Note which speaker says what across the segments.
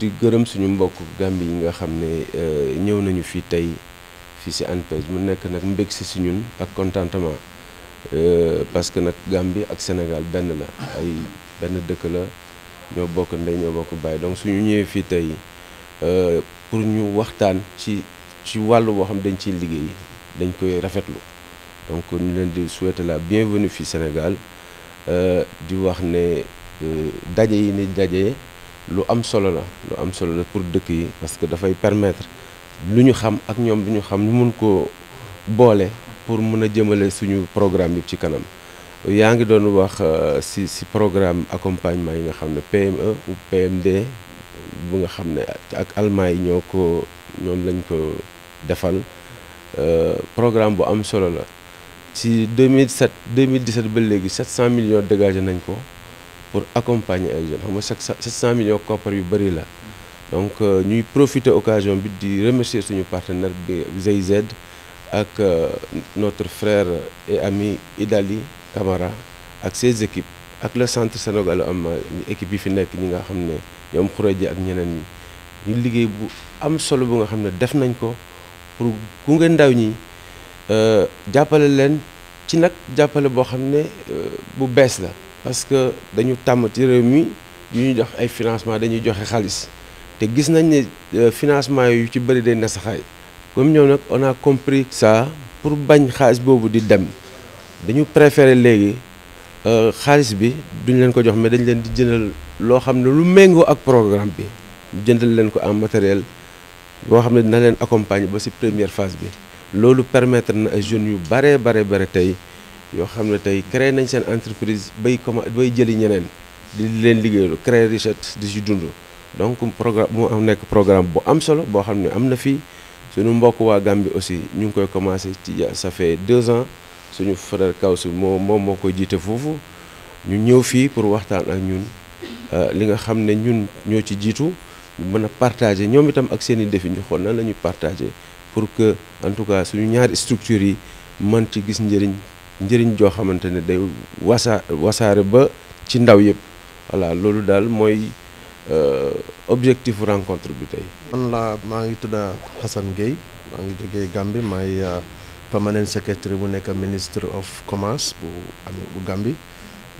Speaker 1: di gërëm suñu mbokk Gàmbi yi nga xam ne euh, ñëw nañu fii tey fii si ANPEJ mu nekk nag mbég si si ñun ak contentement euh, parce que nag Gàmbi ak Sénégal benn la ay benn dëkk la ñoo bokk ndey ñoo bokk baay donc suñu ñëwee fii tey euh, pour ñu waxtaan ci ci wàllu boo xam dañ ciy liggéey dañ koy rafetlu donc ñu leen di souhaiter la bienvenue fii Sénégal di wax ne daje yi ni daje. lu am solo la lu am solo la pour dëkk yi parce que dafay permettre lu ñu xam ak ñoom lu ñu xam ñu mun koo boole pour mun a jëmale suñu programme yi ci kanam yaa ngi doon wax euh, si si programme accompagnement yi nga xam ne PME ou PMD bu nga xam ne ak Allemagne yi ñoo ko ñoom lañ ko defal euh, programme bu am solo la ci 2007 2017 ba léegi 700 millions dégagé nañ ko pour accompagner les jeunes Nous 700 millions de donc nous euh, profitons occasion de remercier notre partenaire de euh, notre frère et ami Idali Kamara, avec ses équipes avec le centre Sénégal, l'équipe équipe équipes fi pour parce que dañu tàmm ci réew mi yu ñu jox ay financement dañuy joxe xaalis te gis nañ ne euh, financement yu ci bëri day nasaxaay comme ñoom nag on a compris ça pour bañ xaalis boobu di dem dañu préférer léegi euh, xaalis bi duñu leen ko jox mais dañ leen di jëndal loo xam ne lu méngoo ak programme bi jëndal leen ko en matériel boo xam ne dina leen accompagner ba ci première phase bi loolu permettre na ay jeunes yu bare bare bare tey yoo xam ne tey créé nañ seen entreprise bay comment bay jëli ñeneen di leen liggéeylu créé richesse di si dund donc programme mu am nekk programme bu am solo boo xam ne am na fii suñu mbokk waa Gambie aussi ñu ngi koy commencé ci ça fait deux ans suñu frère Kawsu moo moom moo koy jiite foofu ñu ñëw fii pour waxtaan ak ñun euh, li nga xam ne ñun ñoo ci jiitu mën a partager ñoom itam ak seen i défi ñu xool nan la ñuy partager pour que en tout cas suñu ñaari structures yi mën ci gis njëriñ njëriñ joo xamante ne day wasa wasaare ba ci ndaw yëpp voilà loolu daal mooy euh, objectif rencontre bi tey.
Speaker 2: man la maa ngi tudda Assane Gueye maa ngi jógee Gambie maay euh, permanent secretary bu nekk ministre of commerce bu amee bu Gambie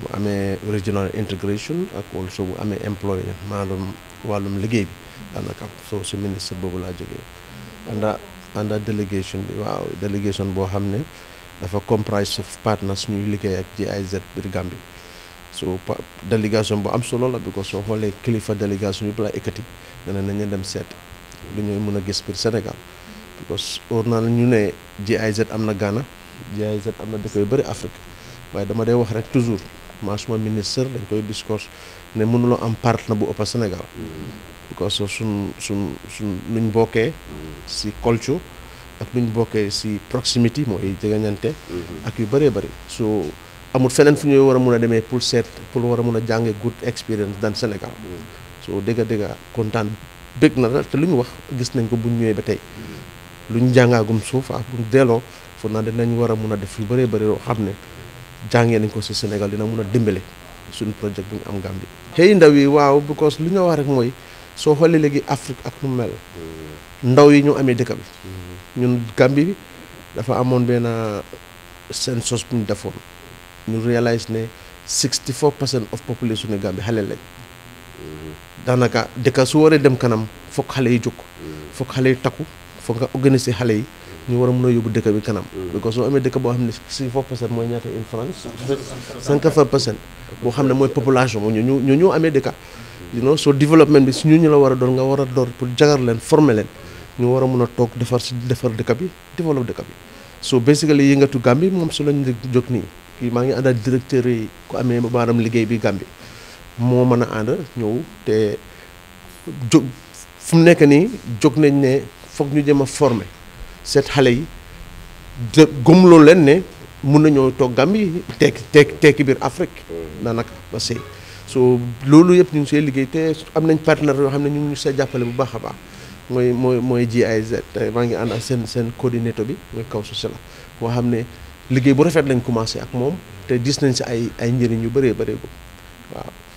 Speaker 2: bu amee regional integration ak also bu amee employé maanaam wàllum liggéey bi daanaka soo si ministre boobu laa jóge ànda ànda délégation bi waaw délégation boo xam ne. dafa comprise of partners ñuy liggéey ak GIZ biir Gambie so délégation bu am solo la bi ko soo xoolee kilifa délégation yi balaa ekkati dana nañu dem seet lu ñuy mun a gis biir Sénégal because óor naa ñu ne GIZ am na Ghana GIZ am na dëkk yu bëri Afrique waaye dama dee wax rek toujours maa suma ministre dañ koy discours ne mënuloo am partner bu ëpp Sénégal mm. because su suñ suñ luñ bokkee mm. si culture ak buñ bokké ci si proximité mooy eh, jegeñante ak yu bari bari so amul fenen fu ñuy war a muna pour seet pour wara mëna jàngé good experience dans Sénégal so déga déga kontan bëgg na té luñu wax gis nañ ko buñ ñëwé ba tay luñ jàngagum suuf ak buñ délo fu na dé nañ wara a def yu bari bari yoo xamné jàngé nañ ko ci Sénégal dina mëna a suñu projet buñ am Gambie ndaw yi waaw because luñu wax rek moy so xolé légui Afrique ak nu mel ndaw yi ñu amé dëkk bi ñun gambi bi dafa amone ben census sos bu ñu defoon ñu realize ne 64 of population ne Gambie xale lañ daanaka deka su wara dem kanam fokk halé yi juk fokk halé taku fokk nga organiser halé yi ñu wara mëna yobu bi kanam because so amé deka bo xam ne 64 percent ñata in France 54 percent xamné moy population ñu ñu ñu ñu amee you know so development bi ñu ñu la wara a doon nga wara pour jagar leen former leen ñu war a mun a toog defar si defar dëkk bi développe dëkk bi so basically yëngatu Gambie moom su lañ jóg nii kii maa ngi àndal directeur yi ku amee ba maanaam liggéey bi Gambie moo mën a ànd ñëw te jóg fu nekk nii jóg nañ ne foog ñu jëm a former seet xale yi de gëmloo leen ne mun nañoo toog Gambie tekki tekki tekki biir Afrique mm-hmm. daanaka ba sëy so loolu yëpp ñu ngi see liggéey te am nañ partenaire yoo xam ne ñu ngi see jàppale bu baax a baax mooy mooy mooy GIZ tey maa ngi ànd ak seen seen coordinateur bi mooy Kawsu Sila boo xam ne liggéey bu rafet lañ commencé ak moom te gis nañ si ay ay njëriñ yu bëree bëreegul waaw